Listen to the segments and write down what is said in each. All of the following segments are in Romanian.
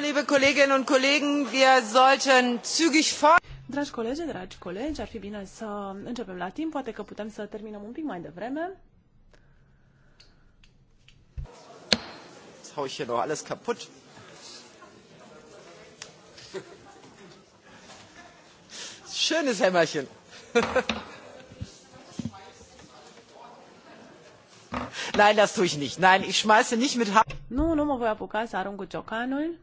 Dragi colegi, dragi colegi, ar fi bine să începem la timp, poate că putem să terminăm un pic mai devreme. hau ich hier doch alles kaputt. Schönes Hämmerchen. Nein, das tue ich nicht. Nein, ich schmeiße nicht mit... Nu, nu mă voi apuca să arunc cu ciocanul.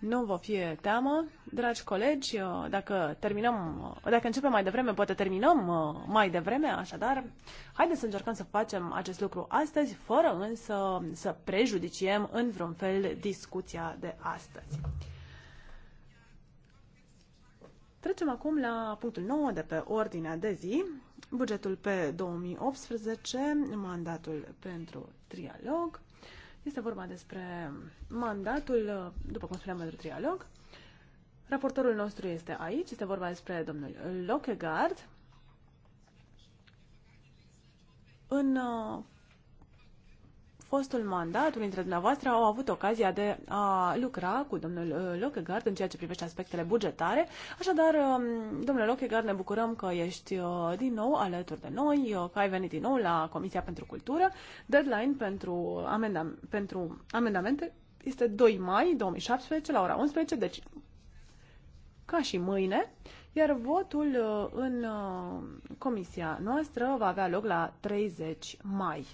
Nu vă fie teamă, dragi colegi, uh, dacă terminăm, uh, dacă începem mai devreme, poate terminăm uh, mai devreme, așadar, haideți să încercăm să facem acest lucru astăzi, fără însă să prejudiciem în vreun fel discuția de astăzi. Trecem acum la punctul 9 de pe ordinea de zi, bugetul pe 2018, mandatul pentru trialog. Este vorba despre mandatul, după cum spuneam, pentru trialog. Raportorul nostru este aici, este vorba despre domnul Lockegaard. În uh, fostul mandat, unii dintre dumneavoastră au avut ocazia de a lucra cu domnul uh, Lockegaard în ceea ce privește aspectele bugetare. Așadar, um, domnule Lockegaard, ne bucurăm că ești uh, din nou alături de noi, uh, că ai venit din nou la Comisia pentru Cultură. Deadline pentru, amendam- pentru amendamente este 2 mai 2017 la ora 11, deci ca și mâine, iar votul în comisia noastră va avea loc la 30 mai.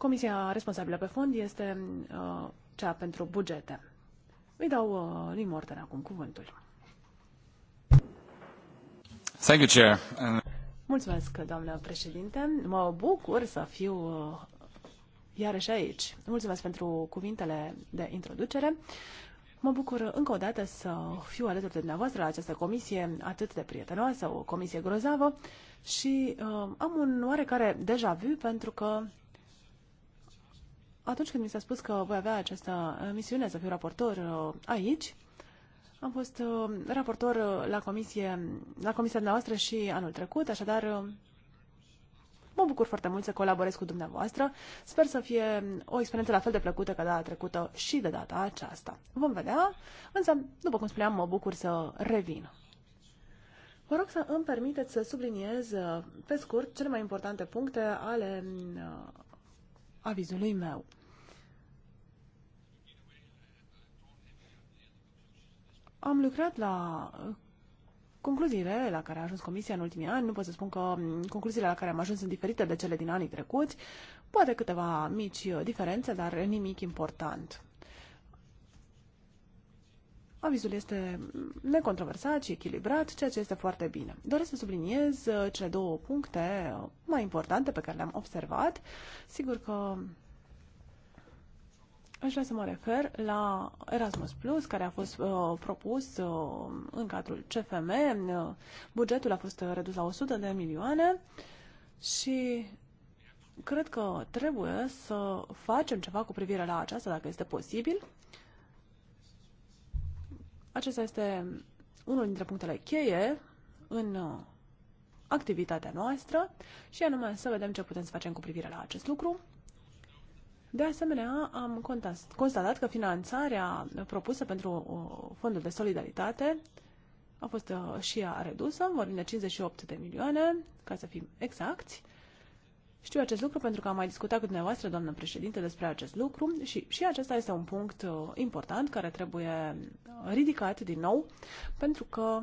Comisia responsabilă pe fond este uh, cea pentru bugete. Îi dau uh, lui Morten acum cuvântul. Thank you, Chair. Mulțumesc, doamnă președinte. Mă bucur să fiu uh, iarăși aici. Mulțumesc pentru cuvintele de introducere. Mă bucur încă o dată să fiu alături de dumneavoastră la această comisie atât de prietenoasă, o comisie grozavă și uh, am un oarecare deja vu pentru că atunci când mi s-a spus că voi avea această uh, misiune să fiu raportor uh, aici, am fost uh, raportor la, comisie, la comisia noastră și anul trecut, așadar mă bucur foarte mult să colaborez cu dumneavoastră. Sper să fie o experiență la fel de plăcută ca data trecută și de data aceasta. Vom vedea, însă, după cum spuneam, mă bucur să revin. Vă rog să îmi permiteți să subliniez pe scurt cele mai importante puncte ale avizului meu. Am lucrat la uh, concluziile la care a ajuns Comisia în ultimii ani. Nu pot să spun că mm, concluziile la care am ajuns sunt diferite de cele din anii trecuți. Poate câteva mici uh, diferențe, dar nimic important. Avizul este necontroversat și echilibrat, ceea ce este foarte bine. Doresc să subliniez uh, cele două puncte uh, mai importante pe care le-am observat. Sigur că aș vrea să mă refer la Erasmus Plus, care a fost uh, propus uh, în cadrul CFM. Uh, bugetul a fost redus la 100 de milioane și cred că trebuie să facem ceva cu privire la aceasta, dacă este posibil. Acesta este unul dintre punctele cheie în uh, activitatea noastră și anume să vedem ce putem să facem cu privire la acest lucru. De asemenea, am constatat că finanțarea propusă pentru uh, fondul de solidaritate a fost uh, și ea redusă, vorbim de 58 de milioane, ca să fim exacti, știu acest lucru pentru că am mai discutat cu dumneavoastră, doamnă președinte, despre acest lucru și, și acesta este un punct uh, important care trebuie ridicat din nou, pentru că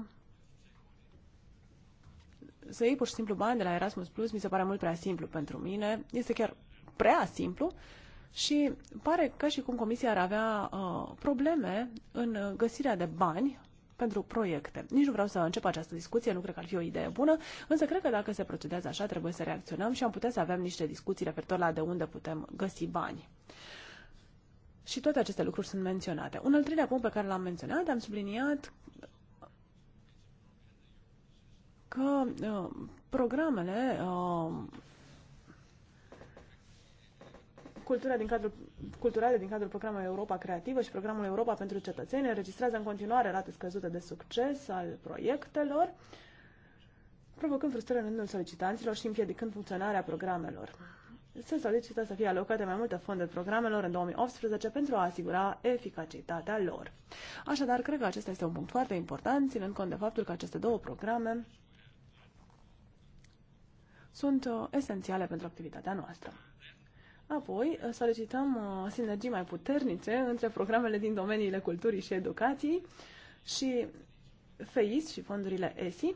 să iei pur și simplu bani de la Erasmus Plus mi se pare mult prea simplu pentru mine, este chiar prea simplu și pare ca și cum Comisia ar avea uh, probleme în găsirea de bani pentru proiecte. Nici nu vreau să încep această discuție, nu cred că ar fi o idee bună, însă cred că dacă se procedează așa, trebuie să reacționăm și am putea să avem niște discuții referitor la de unde putem găsi bani. Și toate aceste lucruri sunt menționate. Un al treilea punct pe care l-am menționat, am subliniat că uh, programele uh, cultura din cadrul culturale din cadrul programului Europa Creativă și programul Europa pentru Cetățeni înregistrează în continuare rate scăzute de succes al proiectelor, provocând frustrări în rândul solicitanților și împiedicând funcționarea programelor. Se solicită să fie alocate mai multe fonduri programelor în 2018 pentru a asigura eficacitatea lor. Așadar, cred că acesta este un punct foarte important, ținând cont de faptul că aceste două programe sunt uh, esențiale pentru activitatea noastră. Apoi, uh, solicităm uh, sinergii mai puternice între programele din domeniile culturii și educației și FEIS și fondurile ESI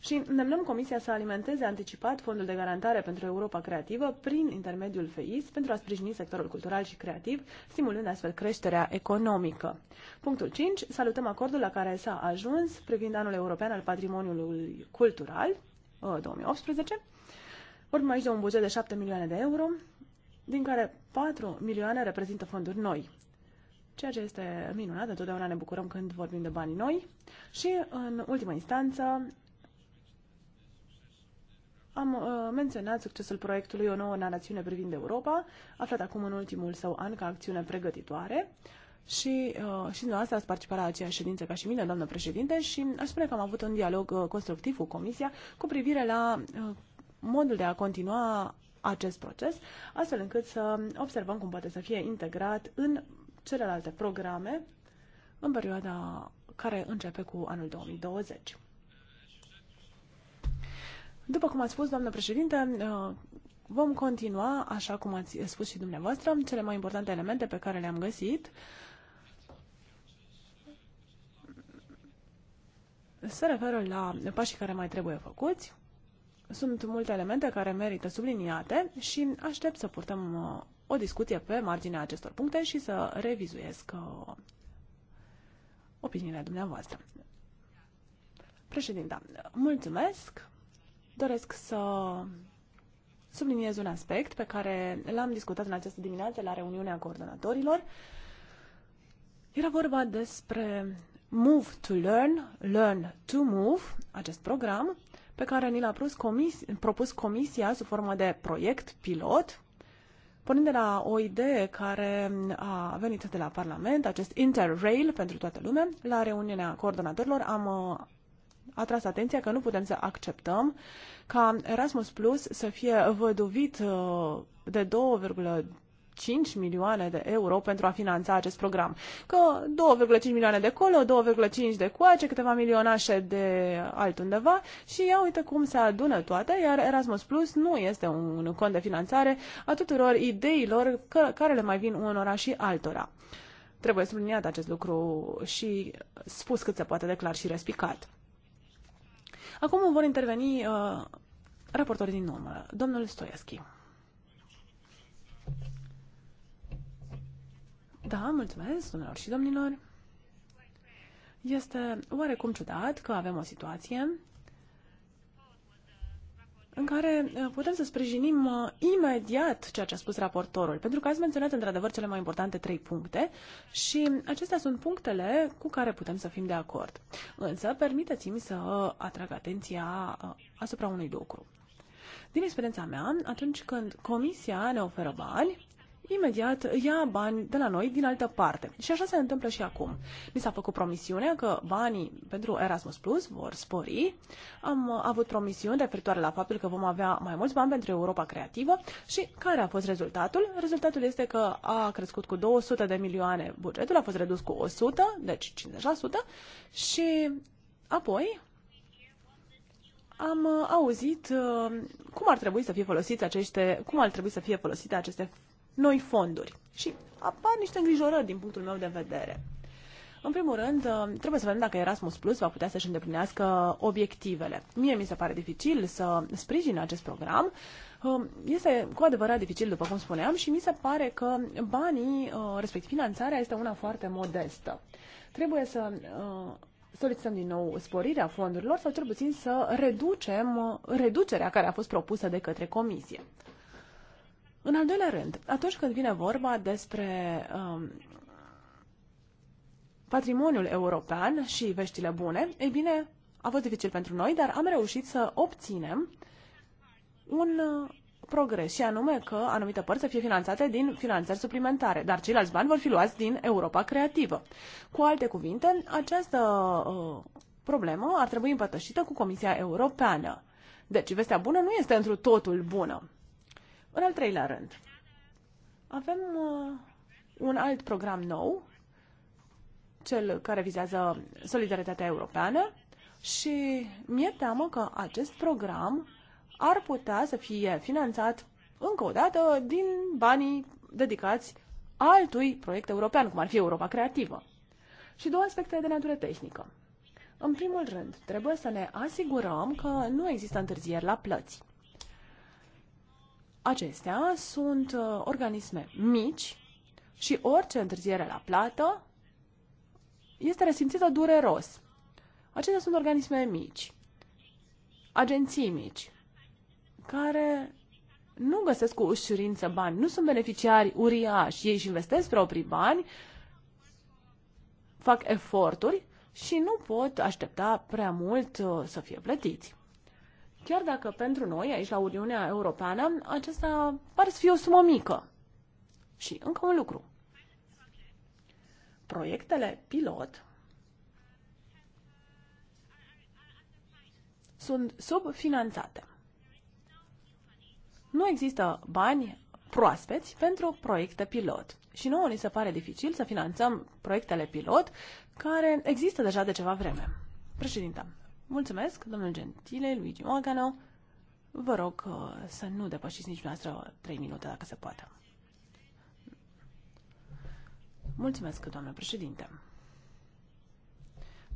și îndemnăm Comisia să alimenteze anticipat Fondul de Garantare pentru Europa Creativă prin intermediul FEIS pentru a sprijini sectorul cultural și creativ, stimulând astfel creșterea economică. Punctul 5. Salutăm acordul la care s-a ajuns privind anul european al patrimoniului cultural 2018. Uh, Vorbim aici de un buget de 7 milioane de euro din care 4 milioane reprezintă fonduri noi. Ceea ce este minunat, întotdeauna ne bucurăm când vorbim de bani noi. Și, în ultima instanță, am uh, menționat succesul proiectului O nouă narațiune privind Europa, aflat acum în ultimul său an ca acțiune pregătitoare. Și, uh, și dumneavoastră ați participat la aceeași ședință ca și mine, doamnă președinte, și aș spune că am avut un dialog uh, constructiv cu Comisia cu privire la uh, modul de a continua acest proces, astfel încât să observăm cum poate să fie integrat în celelalte programe în perioada care începe cu anul 2020. După cum ați spus, doamnă președinte, uh, vom continua, așa cum ați spus și dumneavoastră, cele mai importante elemente pe care le-am găsit. Se referă la pașii care mai trebuie făcuți. Sunt multe elemente care merită subliniate și aștept să purtăm uh, o discuție pe marginea acestor puncte și să revizuiesc uh, opiniile dumneavoastră. Președinta, mulțumesc. Doresc să subliniez un aspect pe care l-am discutat în această dimineață la reuniunea coordonatorilor. Era vorba despre Move to Learn, Learn to Move, acest program, pe care ni l-a propus Comisia sub formă de proiect pilot, pornind de la o idee care a venit de la Parlament, acest interrail pentru toată lumea. La reuniunea coordonatorilor am uh, atras atenția că nu putem să acceptăm ca Erasmus Plus să fie văduvit uh, de 2,2 5 milioane de euro pentru a finanța acest program. Că 2,5 milioane de colo, 2,5 de coace, câteva milionașe de altundeva și ia uite cum se adună toate, iar Erasmus Plus nu este un cont de finanțare a tuturor ideilor care le mai vin unora și altora. Trebuie subliniat acest lucru și spus cât se poate de clar și respicat. Acum vor interveni uh, raportorii din urmă. Domnul Stoiaschi. Da, mulțumesc, domnilor și domnilor. Este oarecum ciudat că avem o situație în care uh, putem să sprijinim uh, imediat ceea ce a spus raportorul, pentru că ați menționat într-adevăr cele mai importante trei puncte și acestea sunt punctele cu care putem să fim de acord. Însă, permiteți-mi să uh, atrag atenția asupra unui lucru. Din experiența mea, atunci când comisia ne oferă bani, imediat ia bani de la noi din altă parte. Și așa se întâmplă și acum. Mi s-a făcut promisiunea că banii pentru Erasmus Plus vor spori. Am avut promisiuni referitoare la faptul că vom avea mai mulți bani pentru Europa Creativă și care a fost rezultatul? Rezultatul este că a crescut cu 200 de milioane bugetul, a fost redus cu 100, deci 50% și apoi am auzit uh, cum ar trebui să fie folosite aceste, cum ar trebui să fie folosite aceste noi fonduri. Și apar niște îngrijorări din punctul meu de vedere. În primul rând, uh, trebuie să vedem dacă Erasmus Plus va putea să-și îndeplinească obiectivele. Mie mi se pare dificil să sprijin acest program. Uh, este cu adevărat dificil, după cum spuneam, și mi se pare că banii, uh, respectiv finanțarea, este una foarte modestă. Trebuie să solicităm din nou sporirea fondurilor sau cel puțin să reducem reducerea care a fost propusă de către comisie. În al doilea rând, atunci când vine vorba despre um, patrimoniul european și veștile bune, ei bine, a fost dificil pentru noi, dar am reușit să obținem un uh, progres și anume că anumite părți să fie finanțate din finanțări suplimentare, dar ceilalți bani vor fi luați din Europa Creativă. Cu alte cuvinte, această uh, problemă ar trebui împărtășită cu Comisia Europeană. Deci, vestea bună nu este întru totul bună. În al treilea rând, avem uh, un alt program nou, cel care vizează solidaritatea europeană și mi-e teamă că acest program ar putea să fie finanțat încă o dată din banii dedicați altui proiect european, cum ar fi Europa Creativă. Și două aspecte de natură tehnică. În primul rând, trebuie să ne asigurăm că nu există întârzieri la plăți. Acestea sunt uh, organisme mici și orice întârziere la plată este resimțită dureros. Acestea sunt organisme mici, agenții mici, care nu găsesc cu ușurință bani, nu sunt beneficiari uriași, ei își investesc proprii bani, fac eforturi și nu pot aștepta prea mult uh, să fie plătiți. Chiar dacă pentru noi, aici la Uniunea Europeană, acesta pare să fie o sumă mică. Și încă un lucru. Proiectele pilot sunt subfinanțate. Nu există bani proaspeți pentru proiecte pilot. Și nouă ni se pare dificil să finanțăm proiectele pilot care există deja de ceva vreme. Președinte. Mulțumesc, domnul Gentile, Luigi Morgano. Vă rog uh, să nu depășiți nici noastră 3 minute, dacă se poate. Mulțumesc, doamnă președinte.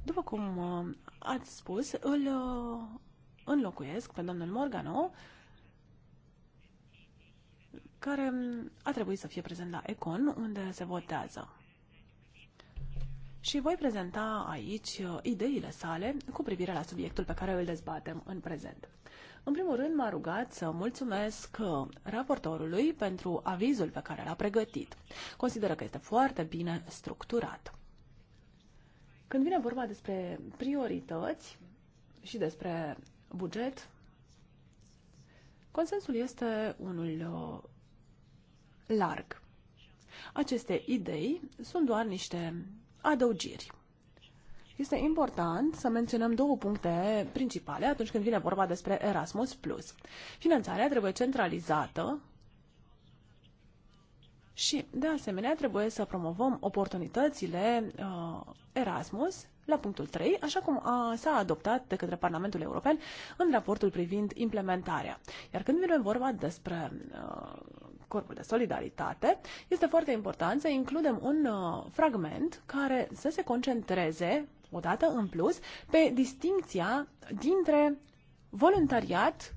După cum uh, ați spus, îl uh, înlocuiesc pe domnul Morgano, care mm, a trebuit să fie prezent la Econ, unde se votează și voi prezenta aici uh, ideile sale cu privire la subiectul pe care îl dezbatem în prezent. În primul rând, m-a rugat să mulțumesc uh, raportorului pentru avizul pe care l-a pregătit. Consideră că este foarte bine structurat. Când vine vorba despre priorități și despre buget, consensul este unul uh, larg. Aceste idei sunt doar niște adăugiri. Este important să menționăm două puncte principale atunci când vine vorba despre Erasmus+. Plus. Finanțarea trebuie centralizată și, de asemenea, trebuie să promovăm oportunitățile uh, Erasmus la punctul 3, așa cum s-a adoptat de către Parlamentul European în raportul privind implementarea. Iar când vine vorba despre uh, Corpul de Solidaritate, este foarte important să includem un uh, fragment care să se concentreze, odată în plus, pe distinția dintre voluntariat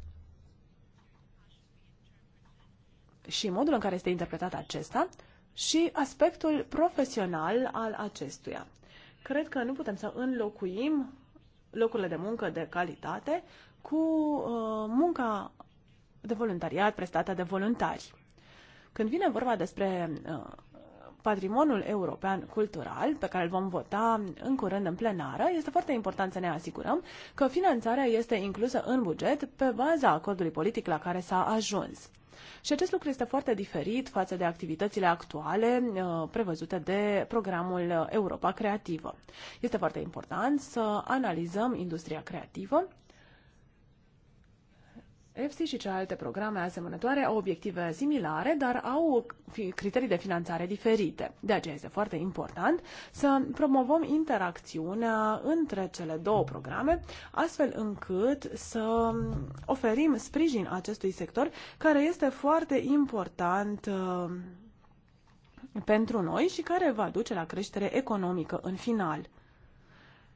și modul în care este interpretat acesta și aspectul profesional al acestuia. Cred că nu putem să înlocuim locurile de muncă de calitate cu uh, munca de voluntariat prestată de voluntari. Când vine vorba despre uh, patrimoniul european cultural, pe care îl vom vota în curând în plenară, este foarte important să ne asigurăm că finanțarea este inclusă în buget pe baza acordului politic la care s-a ajuns. Și acest lucru este foarte diferit față de activitățile actuale uh, prevăzute de programul Europa Creativă. Este foarte important să analizăm industria creativă EFSI și celelalte programe asemănătoare au obiective similare, dar au criterii de finanțare diferite. De aceea este foarte important să promovăm interacțiunea între cele două programe, astfel încât să oferim sprijin acestui sector, care este foarte important uh, pentru noi și care va duce la creștere economică în final.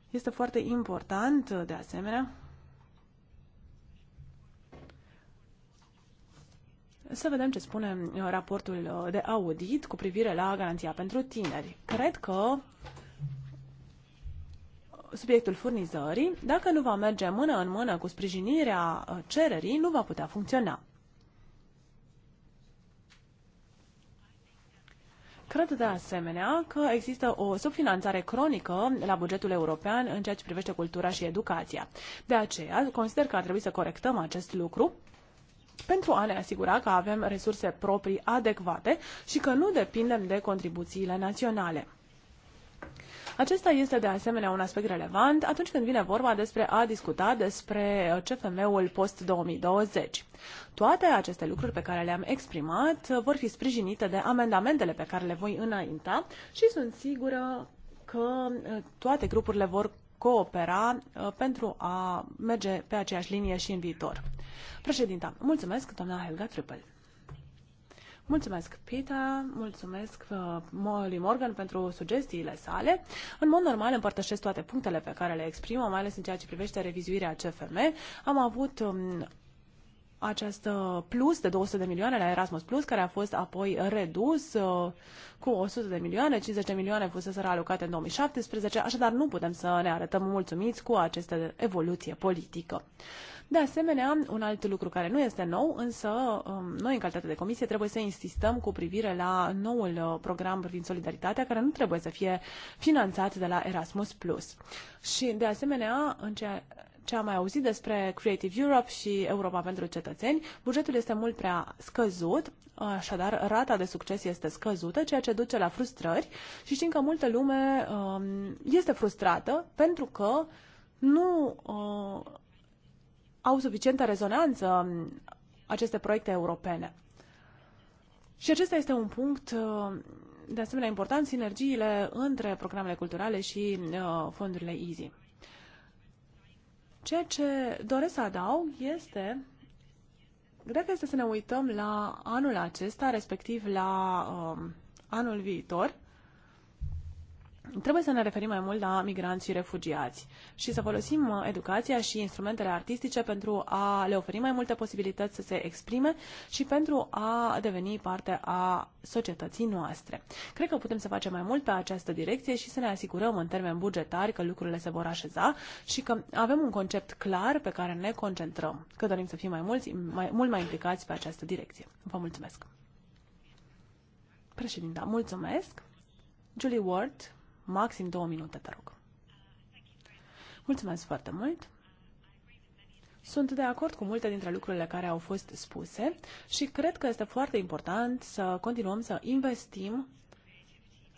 Este foarte important, de asemenea, să vedem ce spune uh, raportul uh, de audit cu privire la garanția pentru tineri. Cred că subiectul furnizării, dacă nu va merge mână în mână cu sprijinirea uh, cererii, nu va putea funcționa. Cred de asemenea că există o subfinanțare cronică la bugetul european în ceea ce privește cultura și educația. De aceea, consider că ar trebui să corectăm acest lucru pentru a ne asigura că avem resurse proprii adecvate și că nu depindem de contribuțiile naționale. Acesta este de asemenea un aspect relevant atunci când vine vorba despre a discuta despre CFM-ul post-2020. Toate aceste lucruri pe care le-am exprimat vor fi sprijinite de amendamentele pe care le voi înainta și sunt sigură că uh, toate grupurile vor coopera uh, pentru a merge pe aceeași linie și în viitor. Președinta, mulțumesc, doamna Helga Trippel. Mulțumesc, Pita, mulțumesc uh, Molly Morgan pentru sugestiile sale. În mod normal împărtășesc toate punctele pe care le exprimă, mai ales în ceea ce privește revizuirea CFM. Am avut um, acest uh, plus de 200 de milioane la Erasmus Plus, care a fost apoi redus uh, cu 100 de milioane, 50 de milioane fusese alocate în 2017, așadar nu putem să ne arătăm mulțumiți cu această evoluție politică. De asemenea, un alt lucru care nu este nou, însă um, noi în calitate de comisie trebuie să insistăm cu privire la noul uh, program privind solidaritatea, care nu trebuie să fie finanțat de la Erasmus+. Și de asemenea, în ceea ce am mai auzit despre Creative Europe și Europa pentru cetățeni, bugetul este mult prea scăzut, așadar rata de succes este scăzută, ceea ce duce la frustrări și știm că multă lume um, este frustrată pentru că nu uh, au suficientă rezonanță um, aceste proiecte europene. Și acesta este un punct uh, de asemenea important, sinergiile între programele culturale și uh, fondurile EASY. Ceea ce doresc să adaug este cred că este să ne uităm la anul acesta, respectiv la um, anul viitor Trebuie să ne referim mai mult la migranți și refugiați și să folosim uh, educația și instrumentele artistice pentru a le oferi mai multe posibilități să se exprime și pentru a deveni parte a societății noastre. Cred că putem să facem mai mult pe această direcție și să ne asigurăm în termeni bugetari că lucrurile se vor așeza și că avem un concept clar pe care ne concentrăm, că dorim să fim mai mulți, mai, mult mai implicați pe această direcție. Vă mulțumesc! Președinta, mulțumesc! Julie Ward, Maxim două minute, te rog. Mulțumesc foarte mult! Sunt de acord cu multe dintre lucrurile care au fost spuse și cred că este foarte important să continuăm să investim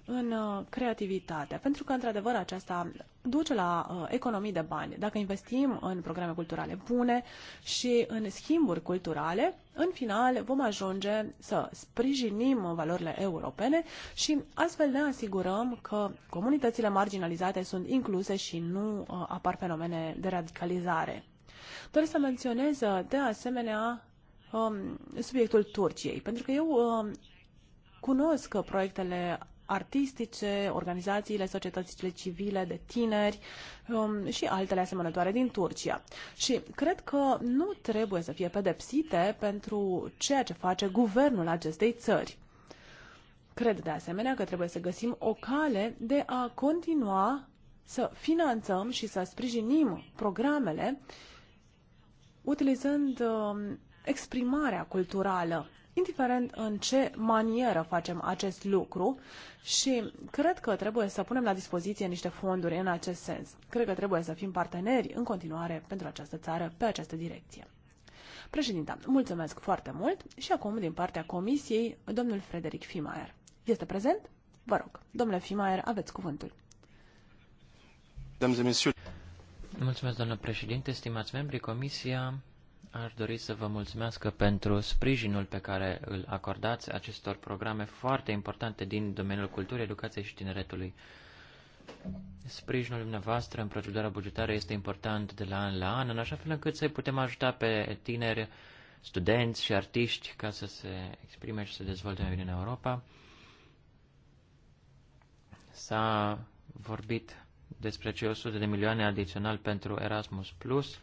în uh, creativitate, pentru că, într-adevăr, aceasta duce la uh, economii de bani. Dacă investim în programe culturale bune și în schimburi culturale, în final vom ajunge să sprijinim valorile europene și astfel ne asigurăm că comunitățile marginalizate sunt incluse și nu uh, apar fenomene de radicalizare. Doresc să menționez, uh, de asemenea, um, subiectul Turciei, pentru că eu um, cunosc proiectele artistice, organizațiile societățile civile de tineri um, și altele asemănătoare din Turcia. Și cred că nu trebuie să fie pedepsite pentru ceea ce face guvernul acestei țări. Cred de asemenea că trebuie să găsim o cale de a continua să finanțăm și să sprijinim programele utilizând uh, exprimarea culturală indiferent în ce manieră facem acest lucru și cred că trebuie să punem la dispoziție niște fonduri în acest sens. Cred că trebuie să fim parteneri în continuare pentru această țară pe această direcție. Președinta, mulțumesc foarte mult și acum din partea Comisiei, domnul Frederic Fimaer. Este prezent? Vă rog, domnule Fimaer, aveți cuvântul. Mulțumesc, doamnă președinte, stimați membri, Comisia Aș dori să vă mulțumesc pentru sprijinul pe care îl acordați acestor programe foarte importante din domeniul culturii, educației și tineretului. Sprijinul dumneavoastră în procedura bugetară este important de la an la an, în așa fel încât să-i putem ajuta pe tineri, studenți și artiști ca să se exprime și să dezvolte mai bine în Europa. S-a vorbit despre cei 100 de milioane adițional pentru Erasmus+. Plus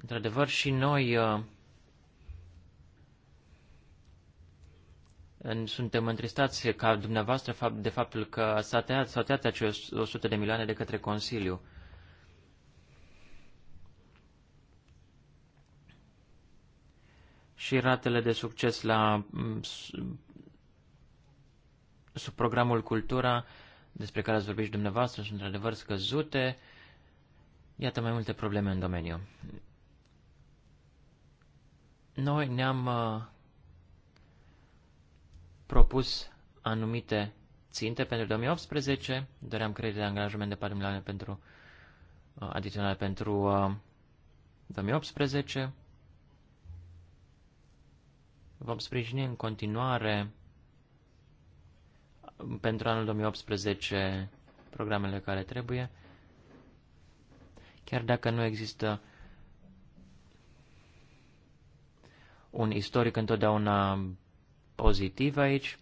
Într-adevăr, și noi uh, suntem întristați ca dumneavoastră de faptul că s-a tăiat, s-a tăiat acele 100 de milioane de către Consiliu. Și ratele de succes la mm, sub programul Cultura, despre care ați vorbit și dumneavoastră, sunt într-adevăr scăzute. Iată mai multe probleme în domeniu. Noi ne-am uh, propus anumite ținte pentru 2018, doream credite de angajament de 4 milioane pentru, uh, adiționale pentru 2018. Uh, Vom sprijini în continuare pentru anul 2018 programele care trebuie, chiar dacă nu există un istoric întotdeauna pozitiv aici.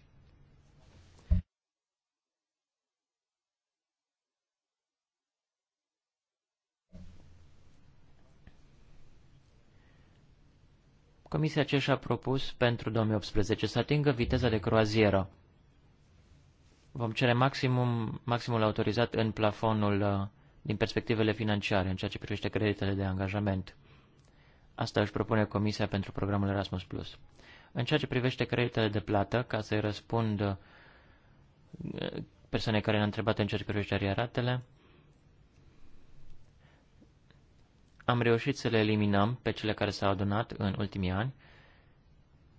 Comisia ce și-a propus pentru 2018 să atingă viteza de croazieră. Vom cere maximum, maximul autorizat în plafonul uh, din perspectivele financiare, în ceea ce privește creditele de angajament. Asta își propune Comisia pentru programul Erasmus+. În ceea ce privește creditele de plată, ca să-i răspund uh, persoane care ne-au întrebat în ceea ce privește ariaratele, am reușit să le eliminăm pe cele care s-au adunat în ultimii ani,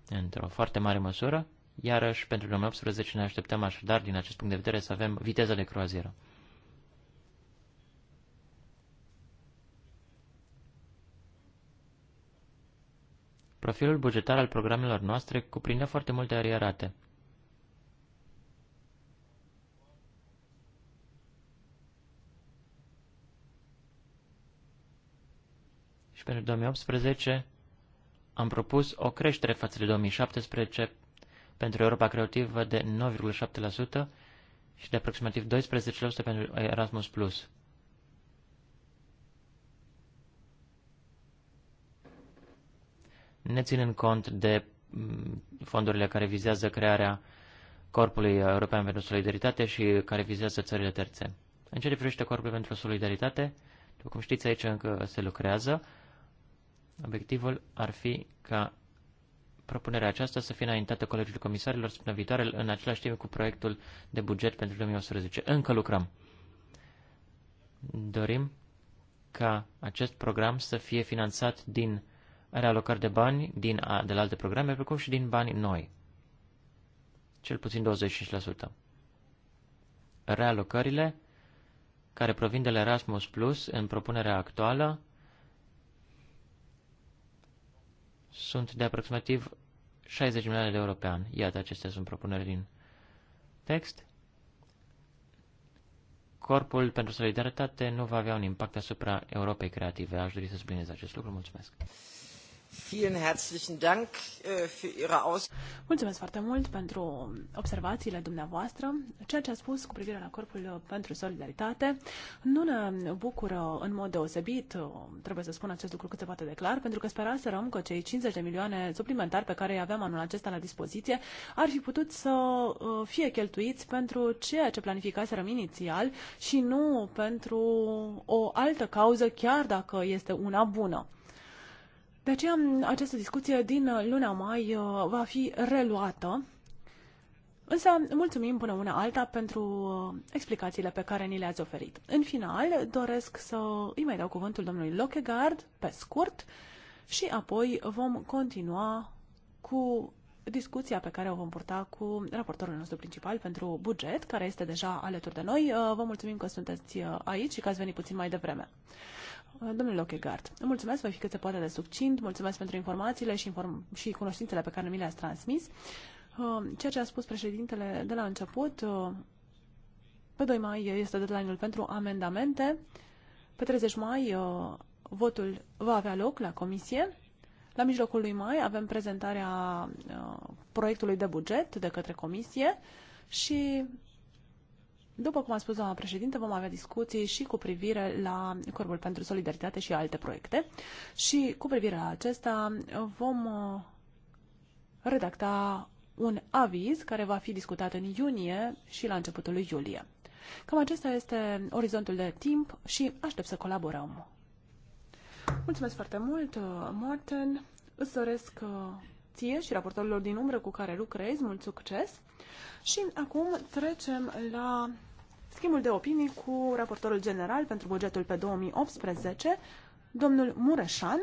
într-o foarte mare măsură, iarăși pentru 2018 ne așteptăm așadar, din acest punct de vedere, să avem viteză de croazieră. Profilul bugetar al programelor noastre cuprinde foarte multe arierate. Și pentru 2018 am propus o creștere față de 2017 pentru Europa Creativă de 9,7% și de aproximativ 12% pentru Erasmus+. ținând cont de mm, fondurile care vizează crearea Corpului European pentru Solidaritate și care vizează țările terțe. În ce privește Corpul pentru Solidaritate, după cum știți, aici încă se lucrează. Obiectivul ar fi ca propunerea aceasta să fie înaintată Colegiului Comisarilor spre viitoare, în același timp cu proiectul de buget pentru 2011. Încă lucrăm. Dorim ca acest program să fie finanțat din realocări de bani din, de la alte programe, precum și din bani noi. Cel puțin 25%. Realocările care provin de la Erasmus Plus în propunerea actuală sunt de aproximativ 60 milioane de euro pe an. Iată, acestea sunt propuneri din text. Corpul pentru Solidaritate nu va avea un impact asupra Europei Creative. Aș dori să subliniez acest lucru. Mulțumesc. Äh, Mulțumesc foarte mult pentru observațiile dumneavoastră. Ceea ce a spus cu privire la Corpul pentru Solidaritate nu ne bucură în mod deosebit, trebuie să spun acest lucru cât se poate de clar, pentru că speraserăm că cei 50 de milioane suplimentari pe care îi aveam anul acesta la dispoziție ar fi putut să uh, fie cheltuiți pentru ceea ce planificaserăm inițial și nu pentru o altă cauză, chiar dacă este una bună. De aceea, această discuție din uh, luna mai uh, va fi reluată. Însă, mulțumim până una alta pentru uh, explicațiile pe care ni le-ați oferit. În final, doresc să îi mai dau cuvântul domnului Lockegard, pe scurt, și apoi vom continua cu discuția pe care o vom purta cu raportorul nostru principal pentru buget, care este deja alături de noi. Uh, vă mulțumim că sunteți uh, aici și că ați venit puțin mai devreme. Uh, domnule Lochegard, mulțumesc, voi fi cât se poate de succint, mulțumesc pentru informațiile și, inform- și cunoștințele pe care mi le-ați transmis. Ceea ce a spus președintele de la început, pe 2 mai este deadline-ul pentru amendamente, pe 30 mai votul va avea loc la comisie la mijlocul lui mai avem prezentarea uh, proiectului de buget de către comisie și după cum a spus doamna președinte, vom avea discuții și cu privire la Corpul pentru Solidaritate și alte proiecte. Și cu privire la acesta vom uh, redacta un aviz care va fi discutat în iunie și la începutul lui iulie. Cam acesta este orizontul de timp și aștept să colaborăm. Mulțumesc foarte mult, uh, Martin. Îți doresc uh, ție și raportorilor din umbră cu care lucrezi mult succes. Și acum trecem la schimbul de opinii cu raportorul general pentru bugetul pe 2018, domnul Mureșan,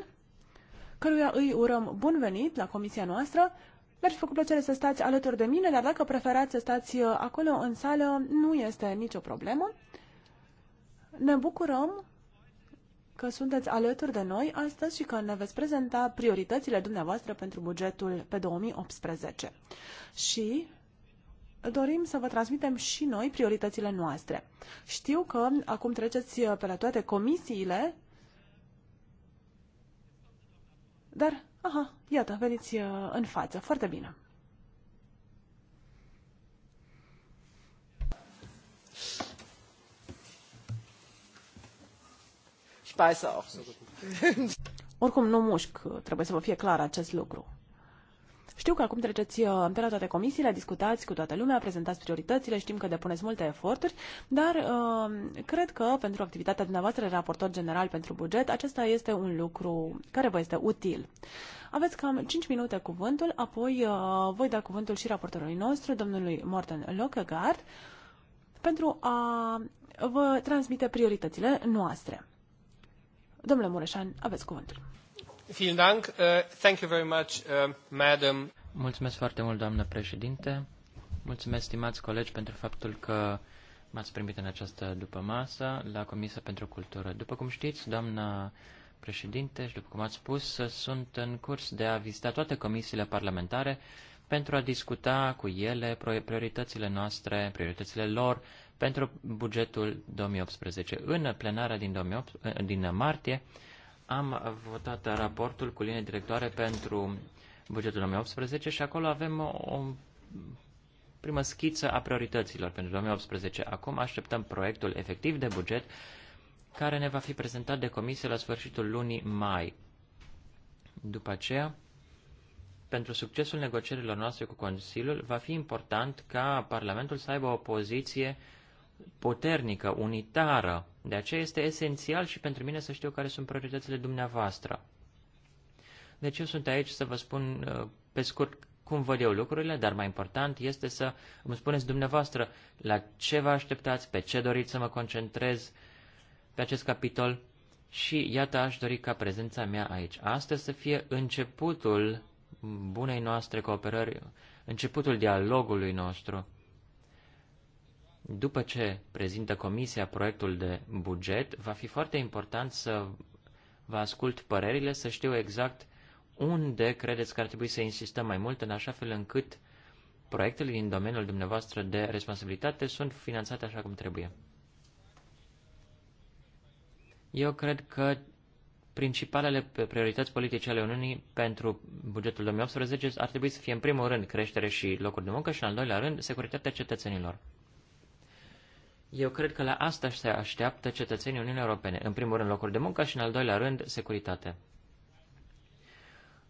căruia îi urăm bun venit la comisia noastră. Mi-ar fi făcut plăcere să stați alături de mine, dar dacă preferați să stați uh, acolo în sală, nu este nicio problemă. Ne bucurăm că sunteți alături de noi astăzi și că ne veți prezenta prioritățile dumneavoastră pentru bugetul pe 2018. Și dorim să vă transmitem și noi prioritățile noastre. Știu că acum treceți pe la toate comisiile, dar, aha, iată, veniți uh, în față. Foarte bine. Oricum nu mușc, trebuie să vă fie clar acest lucru. Știu că acum treceți în uh, perioada de comisiile, discutați cu toată lumea, prezentați prioritățile, știm că depuneți multe eforturi, dar uh, cred că pentru activitatea dumneavoastră, raportor general pentru buget, acesta este un lucru care vă este util. Aveți cam 5 minute cuvântul, apoi uh, voi da cuvântul și raportorului nostru, domnului Morten Lockegaard, pentru a vă transmite prioritățile noastre. Domnule Mureșan, aveți cuvântul. Uh, uh, Mulțumesc foarte mult, doamnă președinte. Mulțumesc, stimați colegi, pentru faptul că m-ați primit în această dupămasă la Comisia pentru Cultură. După cum știți, doamnă președinte, și după cum ați spus, sunt în curs de a vizita toate comisiile parlamentare pentru a discuta cu ele prioritățile noastre, prioritățile lor pentru bugetul 2018. În plenara din, 2008, din martie am votat raportul cu linie directoare pentru bugetul 2018 și acolo avem o primă schiță a priorităților pentru 2018. Acum așteptăm proiectul efectiv de buget care ne va fi prezentat de comisie la sfârșitul lunii mai. După aceea, pentru succesul negocierilor noastre cu Consiliul, va fi important ca Parlamentul să aibă o poziție uh, puternică, unitară. De aceea este esențial și pentru mine să știu care sunt prioritățile dumneavoastră. Deci eu sunt aici să vă spun uh, pe scurt cum văd eu lucrurile, dar mai important este să îmi spuneți dumneavoastră la ce vă așteptați, pe ce doriți să mă concentrez pe acest capitol și iată aș dori ca prezența mea aici astăzi să fie începutul bunei noastre cooperări, începutul dialogului nostru. După ce prezintă comisia proiectul de buget, va fi foarte important să vă ascult părerile, să știu exact unde credeți că ar trebui să insistăm mai mult, în așa fel încât proiectele din domeniul dumneavoastră de responsabilitate sunt finanțate așa cum trebuie. Eu cred că principalele priorități politice ale Uniunii pentru bugetul 2018 ar trebui să fie în primul rând creștere și locuri de muncă și în al doilea rând securitatea cetățenilor. Eu cred că la asta se așteaptă cetățenii Uniunii Europene. În primul rând locuri de muncă și în al doilea rând securitate.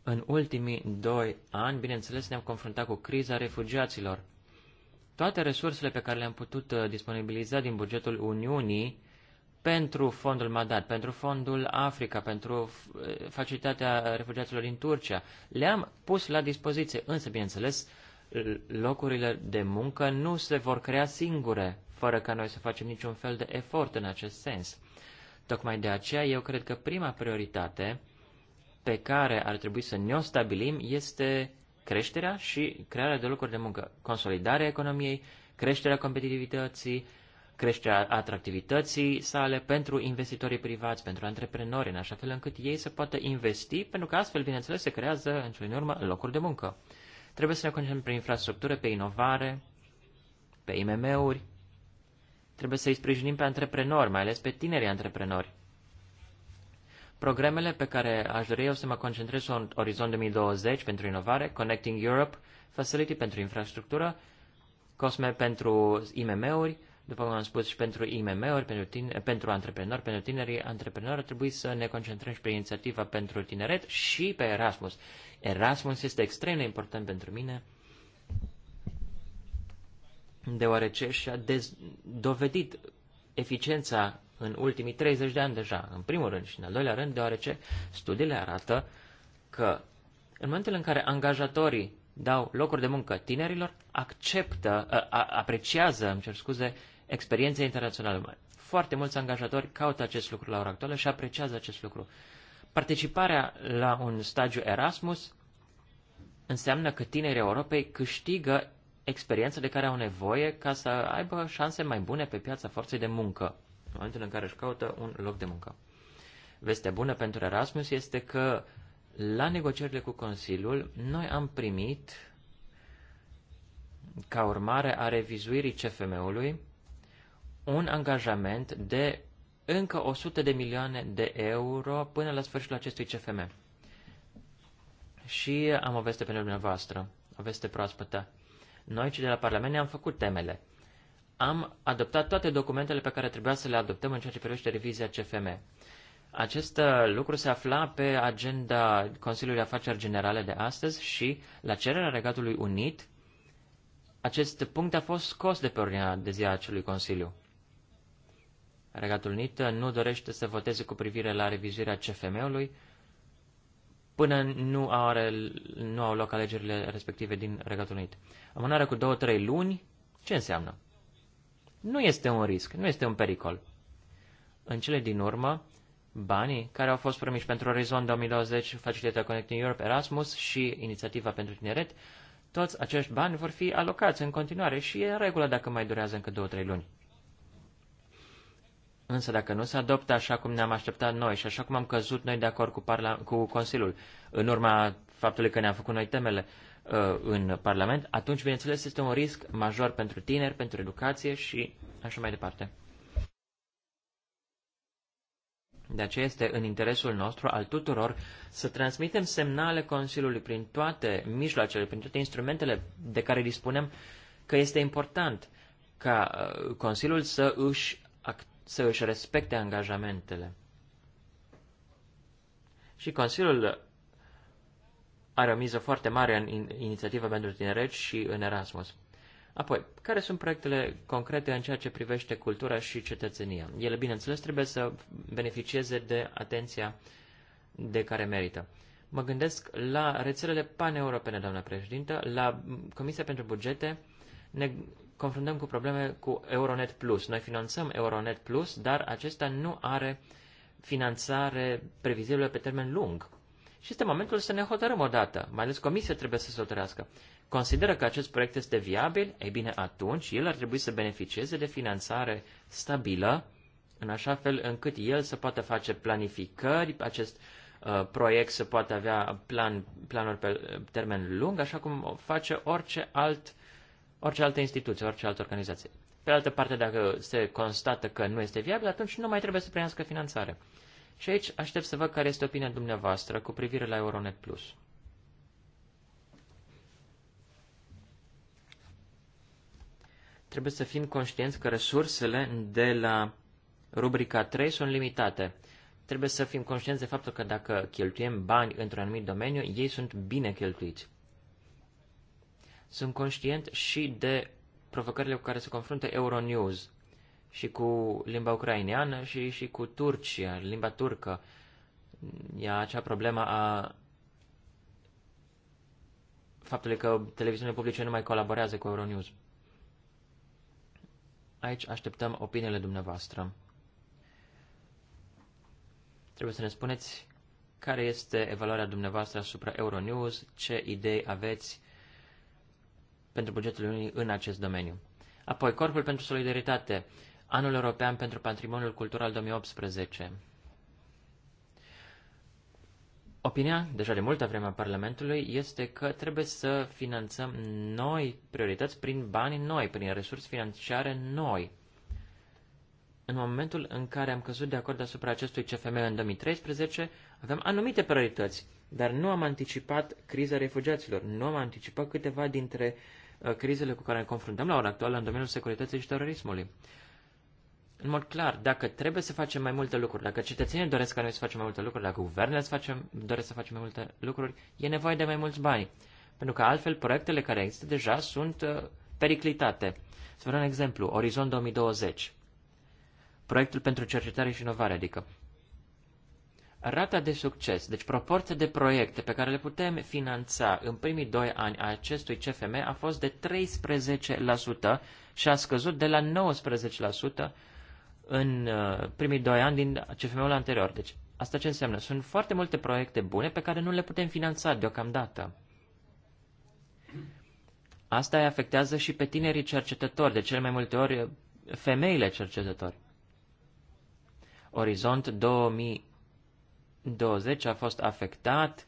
În ultimii doi ani, bineînțeles, ne-am confruntat cu criza refugiaților. Toate resursele pe care le-am putut uh, disponibiliza din bugetul Uniunii pentru fondul Madad, pentru fondul Africa, pentru uh, facilitatea refugiaților din Turcia, le-am pus la dispoziție. Însă, bineînțeles, locurile de muncă nu se vor crea singure fără ca noi să facem niciun fel de efort în acest sens. Tocmai de aceea, eu cred că prima prioritate pe care ar trebui să ne-o stabilim este creșterea și crearea de locuri de muncă, consolidarea economiei, creșterea competitivității, creșterea atractivității sale pentru investitorii privați, pentru antreprenori, în așa fel încât ei să poată investi, pentru că astfel, bineînțeles, se creează, în cele din urmă, locuri de muncă. Trebuie să ne concentrăm pe infrastructură, pe inovare, pe IMM-uri, Trebuie să îi sprijinim pe antreprenori, mai ales pe tinerii antreprenori. Programele pe care aș dori eu să mă concentrez sunt Orizont 2020 pentru inovare, Connecting Europe, Facility pentru infrastructură, Cosme pentru IMM-uri, după cum am spus, și pentru IMM-uri, pentru, tine, pentru antreprenori, pentru tinerii antreprenori, ar trebui să ne concentrăm și pe inițiativa pentru tineret și pe Erasmus. Erasmus este extrem de important pentru mine deoarece și-a dovedit eficiența în ultimii 30 de ani deja, în primul rând și în al doilea rând, deoarece studiile arată că în momentul în care angajatorii dau locuri de muncă tinerilor, acceptă, a, a, apreciază, îmi cer scuze, experiența internațională. Foarte mulți angajatori caută acest lucru la ora actuală și apreciază acest lucru. Participarea la un stagiu Erasmus înseamnă că tinerii Europei câștigă experiență de care au nevoie ca să aibă șanse mai bune pe piața forței de muncă, în momentul în care își caută un loc de muncă. Vestea bună pentru Erasmus este că la negocierile cu Consiliul noi am primit, ca urmare a revizuirii CFM-ului, un angajament de încă 100 de milioane de euro până la sfârșitul acestui CFM. Și am o veste pentru dumneavoastră, o veste proaspătă. Noi, cei de la Parlament, ne-am făcut temele. Am adoptat toate documentele pe care trebuia să le adoptăm în ceea ce privește revizia CFM. Acest uh, lucru se afla pe agenda Consiliului Afaceri Generale de astăzi și, la cererea Regatului Unit, acest punct a fost scos de pe ordinea de zi a acelui Consiliu. Regatul Unit uh, nu dorește să voteze cu privire la revizuirea CFM-ului, până nu, are, nu au loc alegerile respective din Regatul Unit. Amânarea cu două-trei luni, ce înseamnă? Nu este un risc, nu este un pericol. În cele din urmă, banii care au fost promiși pentru Orizont 2020, Facilitatea Connecting Europe, Erasmus și Inițiativa pentru Tineret, toți acești bani vor fi alocați în continuare și e în regulă dacă mai durează încă 2-3 luni. Însă dacă nu se adoptă așa cum ne-am așteptat noi și așa cum am căzut noi de acord cu, parla- cu Consiliul, în urma faptului că ne-am făcut noi temele uh, în Parlament, atunci, bineînțeles, este un risc major pentru tineri, pentru educație și așa mai departe. De aceea este în interesul nostru al tuturor să transmitem semnale Consiliului prin toate mijloacele, prin toate instrumentele de care dispunem, că este important ca uh, Consiliul să își act să își respecte angajamentele. Și Consiliul are o miză foarte mare în inițiativa pentru tineret și în Erasmus. Apoi, care sunt proiectele concrete în ceea ce privește cultura și cetățenia? Ele, bineînțeles, trebuie să beneficieze de atenția de care merită. Mă gândesc la rețelele paneuropene, doamna președintă, la Comisia pentru Bugete ne confruntăm cu probleme cu Euronet Plus. Noi finanțăm Euronet Plus, dar acesta nu are finanțare previzibilă pe termen lung. Și este momentul să ne hotărâm odată, mai ales comisia trebuie să se hotărească. Consideră că acest proiect este viabil, ei bine, atunci el ar trebui să beneficieze de finanțare stabilă, în așa fel încât el să poată face planificări, acest uh, proiect să poată avea plan, planuri pe uh, termen lung, așa cum face orice alt orice altă instituție, orice altă organizație. Pe altă parte, dacă se constată că nu este viabil, atunci nu mai trebuie să primească finanțare. Și aici aștept să văd care este opinia dumneavoastră cu privire la Euronet Plus. Trebuie să fim conștienți că resursele de la rubrica 3 sunt limitate. Trebuie să fim conștienți de faptul că dacă cheltuiem bani într-un anumit domeniu, ei sunt bine cheltuiți. Sunt conștient și de provocările cu care se confruntă Euronews și cu limba ucraineană și, și cu Turcia, limba turcă. E acea problemă a faptului că televiziunile publice nu mai colaborează cu Euronews. Aici așteptăm opiniile dumneavoastră. Trebuie să ne spuneți care este evaluarea dumneavoastră asupra Euronews, ce idei aveți pentru bugetul Uniunii în acest domeniu. Apoi, Corpul pentru Solidaritate, Anul European pentru Patrimoniul Cultural 2018. Opinia, deja de multă vreme a Parlamentului, este că trebuie să finanțăm noi priorități prin bani noi, prin resurse financiare noi. În momentul în care am căzut de acord asupra acestui CFM în 2013, aveam anumite priorități, dar nu am anticipat criza refugiaților, nu am anticipat câteva dintre uh, Uh, crizele cu care ne confruntăm la ora actuală în domeniul securității și terorismului. În mod clar, dacă trebuie să facem mai multe lucruri, dacă cetățenii doresc ca noi să facem mai multe lucruri, dacă guvernele să facem, doresc să facem mai multe lucruri, e nevoie de mai mulți bani. Pentru că altfel proiectele care există deja sunt uh, periclitate. Să vă dau un exemplu, Orizont 2020. Proiectul pentru cercetare și inovare, adică Rata de succes, deci proporția de proiecte pe care le putem finanța în primii doi ani a acestui CFM a fost de 13% și a scăzut de la 19% în uh, primii doi ani din CFM-ul anterior. Deci asta ce înseamnă? Sunt foarte multe proiecte bune pe care nu le putem finanța deocamdată. Asta îi afectează și pe tinerii cercetători, de cele mai multe ori femeile cercetători. Orizont 2000 20 a fost afectat,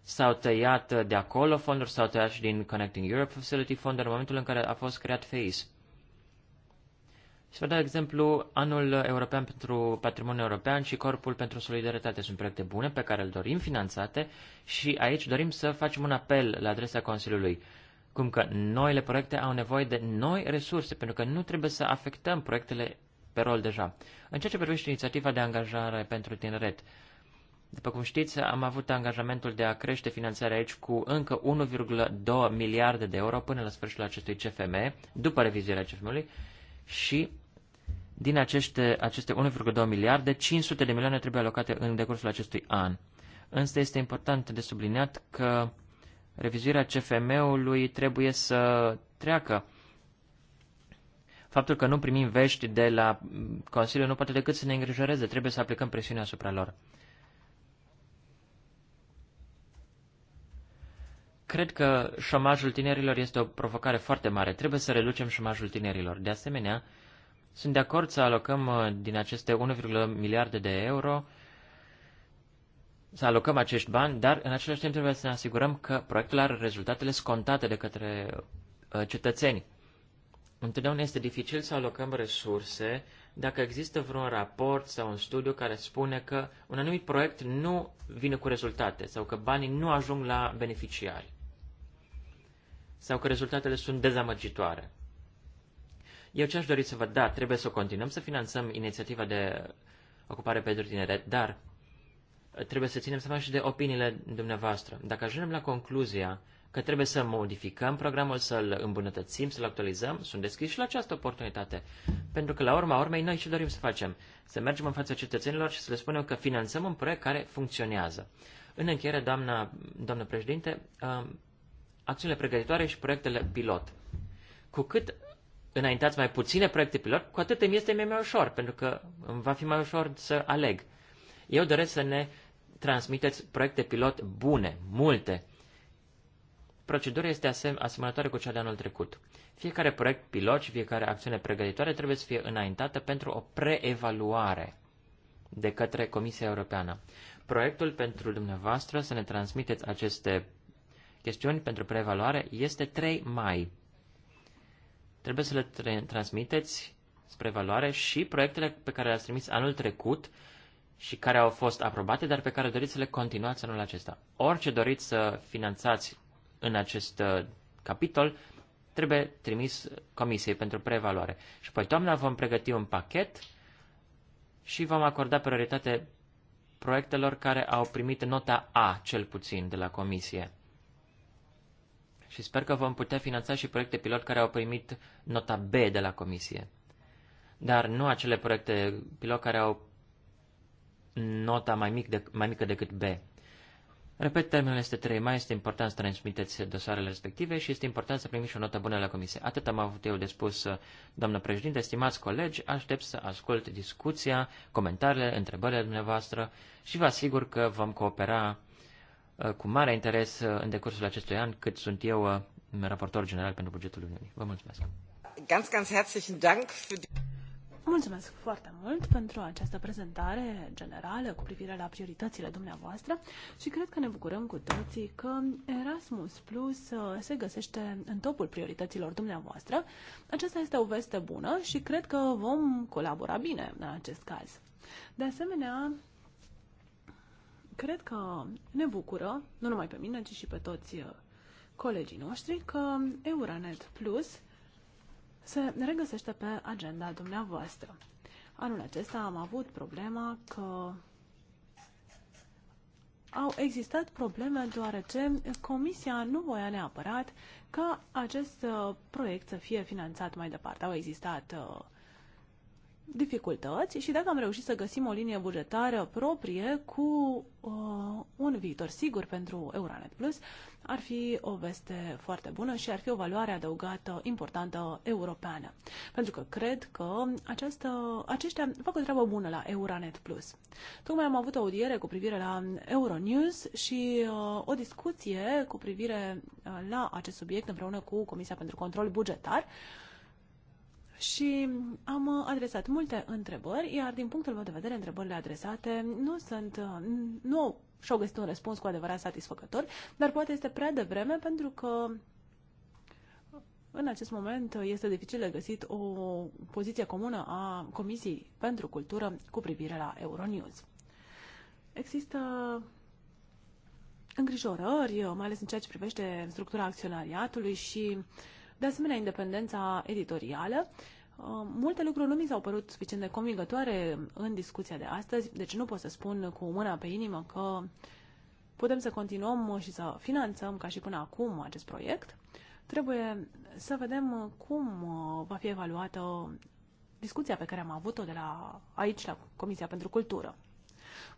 s-au tăiat de acolo fonduri, s-au tăiat și din Connecting Europe Facility Fund în momentul în care a fost creat FACE. Și vă dau exemplu, anul european pentru Patrimoniul european și corpul pentru solidaritate sunt proiecte bune pe care îl dorim finanțate și aici dorim să facem un apel la adresa Consiliului. Cum că noile proiecte au nevoie de noi resurse, pentru că nu trebuie să afectăm proiectele pe rol deja. În ceea ce privește inițiativa de angajare pentru tineret, după cum știți, am avut angajamentul de a crește finanțarea aici cu încă 1,2 miliarde de euro până la sfârșitul acestui CFM, după revizuirea CFM-ului, și din aceste, aceste 1,2 miliarde, 500 de milioane trebuie alocate în decursul acestui an. Însă este important de subliniat că revizuirea CFM-ului trebuie să treacă. Faptul că nu primim vești de la Consiliu nu poate decât să ne îngrijoreze, trebuie să aplicăm presiunea asupra lor. Cred că șomajul tinerilor este o provocare foarte mare. Trebuie să reducem șomajul tinerilor. De asemenea, sunt de acord să alocăm uh, din aceste 1, miliarde de euro, să alocăm acești bani, dar în același timp trebuie să ne asigurăm că proiectul are rezultatele scontate de către uh, cetățeni. Întotdeauna este dificil să alocăm resurse dacă există vreun raport sau un studiu care spune că un anumit proiect nu vine cu rezultate sau că banii nu ajung la beneficiari sau că rezultatele sunt dezamăgitoare. Eu ce aș dori să văd, da, trebuie să continuăm să finanțăm inițiativa de ocupare pentru tineret, dar trebuie să ținem seama și de opiniile dumneavoastră. Dacă ajungem la concluzia că trebuie să modificăm programul, să-l îmbunătățim, să-l actualizăm, sunt deschis și la această oportunitate. Pentru că, la urma urmei, noi ce dorim să facem? Să mergem în fața cetățenilor și să le spunem că finanțăm un proiect care funcționează. În încheiere, doamna, doamnă președinte, acțiunile pregătitoare și proiectele pilot. Cu cât înaintați mai puține proiecte pilot, cu atât îmi este mie mai ușor, pentru că îmi va fi mai ușor să aleg. Eu doresc să ne transmiteți proiecte pilot bune, multe. Procedura este asem- asemănătoare cu cea de anul trecut. Fiecare proiect pilot și fiecare acțiune pregătitoare trebuie să fie înaintată pentru o preevaluare de către Comisia Europeană. Proiectul pentru dumneavoastră să ne transmiteți aceste chestiuni pentru preevaluare este 3 mai. Trebuie să le tra- transmiteți spre evaluare și proiectele pe care le-ați trimis anul trecut și care au fost aprobate, dar pe care doriți să le continuați anul acesta. Orice doriți să finanțați în acest uh, capitol, trebuie trimis Comisiei pentru preevaluare. Și apoi toamna vom pregăti un pachet și vom acorda prioritate proiectelor care au primit nota A, cel puțin, de la Comisie și sper că vom putea finanța și proiecte pilot care au primit nota B de la comisie. Dar nu acele proiecte pilot care au nota mai, mic de, mai mică decât B. Repet, termenul este 3 mai, este important să transmiteți dosarele respective și este important să primiți și o notă bună la comisie. Atât am avut eu de spus, doamnă președinte, stimați colegi, aștept să ascult discuția, comentariile, întrebările dumneavoastră și vă asigur că vom coopera Uh, cu mare interes uh, în decursul acestui an, cât sunt eu uh, raportor general pentru bugetul Uniunii. Vă mulțumesc! Ganz, ganz herzlichen Dank für Mulțumesc foarte mult pentru această prezentare generală cu privire la prioritățile dumneavoastră și cred că ne bucurăm cu toții că Erasmus Plus se găsește în topul priorităților dumneavoastră. Aceasta este o veste bună și cred că vom colabora bine în acest caz. De asemenea, cred că ne bucură, nu numai pe mine, ci și pe toți uh, colegii noștri, că Euronet Plus se regăsește pe agenda dumneavoastră. Anul acesta am avut problema că au existat probleme deoarece Comisia nu voia neapărat ca acest uh, proiect să fie finanțat mai departe. Au existat uh, dificultăți și dacă am reușit să găsim o linie bugetară proprie cu uh, un viitor sigur pentru Euronet Plus, ar fi o veste foarte bună și ar fi o valoare adăugată importantă europeană. Pentru că cred că această, aceștia fac o treabă bună la Euronet Plus. Tocmai am avut o audiere cu privire la Euronews și uh, o discuție cu privire uh, la acest subiect împreună cu Comisia pentru Control Bugetar. Uh, și am adresat multe întrebări, iar din punctul meu de vedere, întrebările adresate nu sunt, nu și-au găsit un răspuns cu adevărat satisfăcător, dar poate este prea devreme pentru că în acest moment este dificil de găsit o poziție comună a Comisiei pentru Cultură cu privire la Euronews. Există îngrijorări, mai ales în ceea ce privește structura acționariatului și uh, de asemenea, independența editorială. Uh, multe lucruri nu mi s-au părut suficient de convingătoare în discuția de astăzi, deci nu pot să spun cu mâna pe inimă că putem să continuăm și să finanțăm ca și până acum acest proiect. Trebuie să vedem cum uh, va fi evaluată discuția pe care am avut-o de la aici, la Comisia pentru Cultură.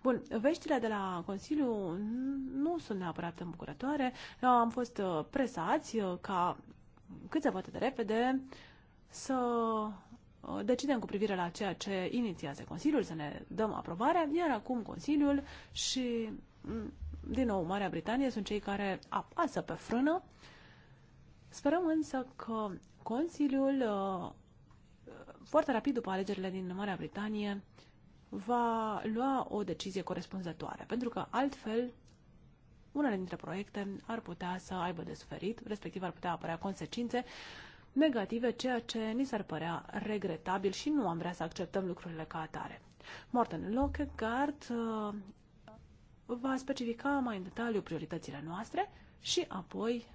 Bun, veștile de la Consiliu nu sunt neapărat îmbucurătoare. Am fost uh, presați ca cât se poate de repede să uh, decidem cu privire la ceea ce inițiază Consiliul, să ne dăm aprobarea, iar acum Consiliul și, mm, din nou, Marea Britanie sunt cei care apasă pe frână. Sperăm însă că Consiliul, uh, foarte rapid după alegerile din Marea Britanie, va lua o decizie corespunzătoare, pentru că altfel unele dintre proiecte ar putea să aibă de suferit, respectiv ar putea apărea consecințe negative, ceea ce ni s-ar părea regretabil și nu am vrea să acceptăm lucrurile ca atare. Morten Lockegaard uh, va specifica mai în detaliu prioritățile noastre și apoi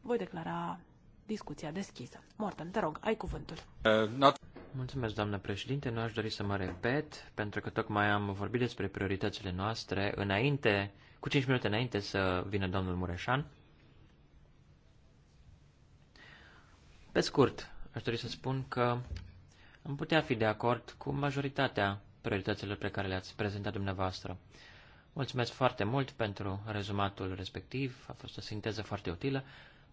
voi declara discuția deschisă. Morten, te rog, ai cuvântul. Uh, not... Mulțumesc, doamnă președinte. Nu aș dori să mă repet, pentru că tocmai am vorbit despre prioritățile noastre înainte, cu 5 minute înainte să vină domnul Mureșan. Pe scurt, aș dori să spun că am putea fi de acord cu majoritatea priorităților pe care le-ați prezentat dumneavoastră. Mulțumesc foarte mult pentru rezumatul respectiv, a fost o sinteză foarte utilă.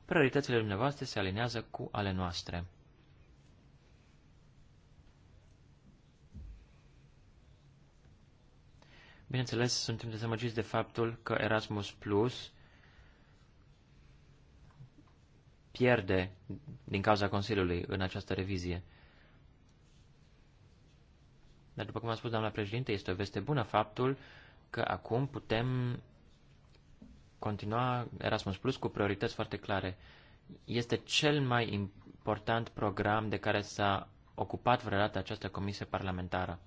Prioritățile dumneavoastră se alinează cu ale noastre. Bineînțeles, suntem dezamăgiți de faptul că Erasmus Plus pierde din cauza Consiliului în această revizie. Dar, după cum a spus doamna președinte, este o veste bună faptul că acum putem continua Erasmus Plus cu priorități foarte clare. Este cel mai important program de care s-a ocupat vreodată această comisie parlamentară.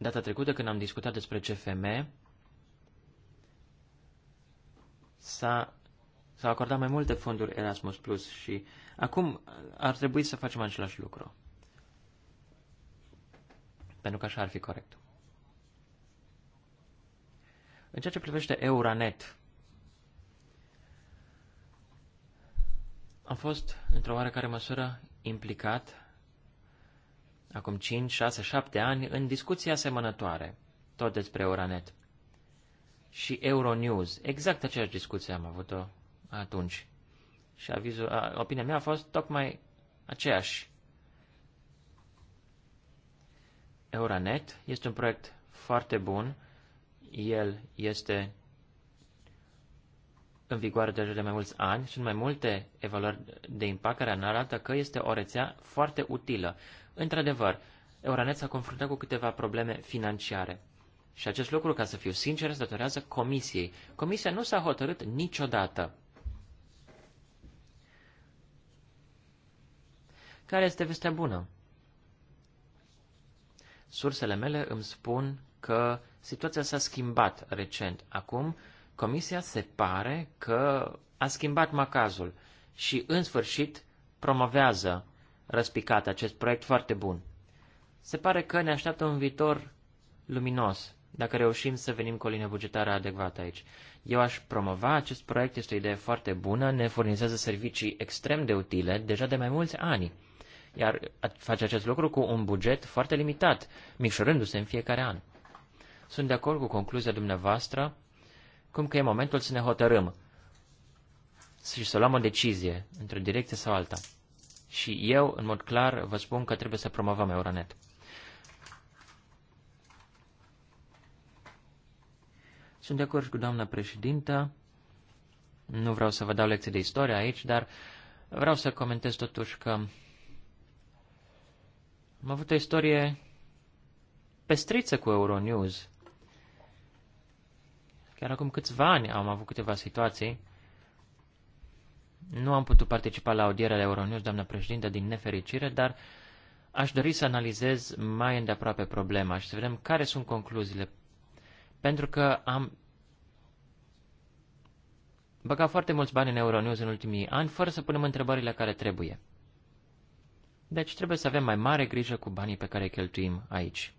Data trecută, când am discutat despre CFM, s-a, s-au acordat mai multe fonduri Erasmus Plus și acum ar trebui să facem același lucru. Pentru că așa ar fi corect. În ceea ce privește EuroNet. am fost, într-o oarecare măsură, implicat acum 5, 6, 7 ani, în discuții asemănătoare, tot despre Euronet și Euronews. Exact aceeași discuție am avut-o atunci. Și avizul, a, opinia mea a fost tocmai aceeași. Euronet este un proiect foarte bun. El este în vigoare deja de mai mulți ani. Sunt mai multe evaluări de impact care ne arată că este o rețea foarte utilă. Într-adevăr, Euronet s-a confruntat cu câteva probleme financiare. Și acest lucru, ca să fiu sincer, se datorează comisiei. Comisia nu s-a hotărât niciodată. Care este vestea bună? Sursele mele îmi spun că situația s-a schimbat recent. Acum, comisia se pare că a schimbat macazul și, în sfârșit, promovează răspicat acest proiect foarte bun. Se pare că ne așteaptă un viitor luminos, dacă reușim să venim cu o linie bugetară adecvată aici. Eu aș promova acest proiect, este o idee foarte bună, ne furnizează servicii extrem de utile deja de mai mulți ani, iar face acest lucru cu un buget foarte limitat, micșorându-se în fiecare an. Sunt de acord cu concluzia dumneavoastră, cum că e momentul să ne hotărâm și să luăm o decizie, într-o direcție sau alta. Și eu, în mod clar, vă spun că trebuie să promovăm Euronet. Sunt de acord cu doamna președintă. Nu vreau să vă dau lecții de istorie aici, dar vreau să comentez totuși că am avut o istorie pestriță cu Euronews. Chiar acum câțiva ani am avut câteva situații nu am putut participa la audierea Euronews, doamnă președinte, din nefericire, dar aș dori să analizez mai îndeaproape problema și să vedem care sunt concluziile. Pentru că am băgat foarte mulți bani în Euronews în ultimii ani, fără să punem întrebările care trebuie. Deci trebuie să avem mai mare grijă cu banii pe care îi cheltuim aici.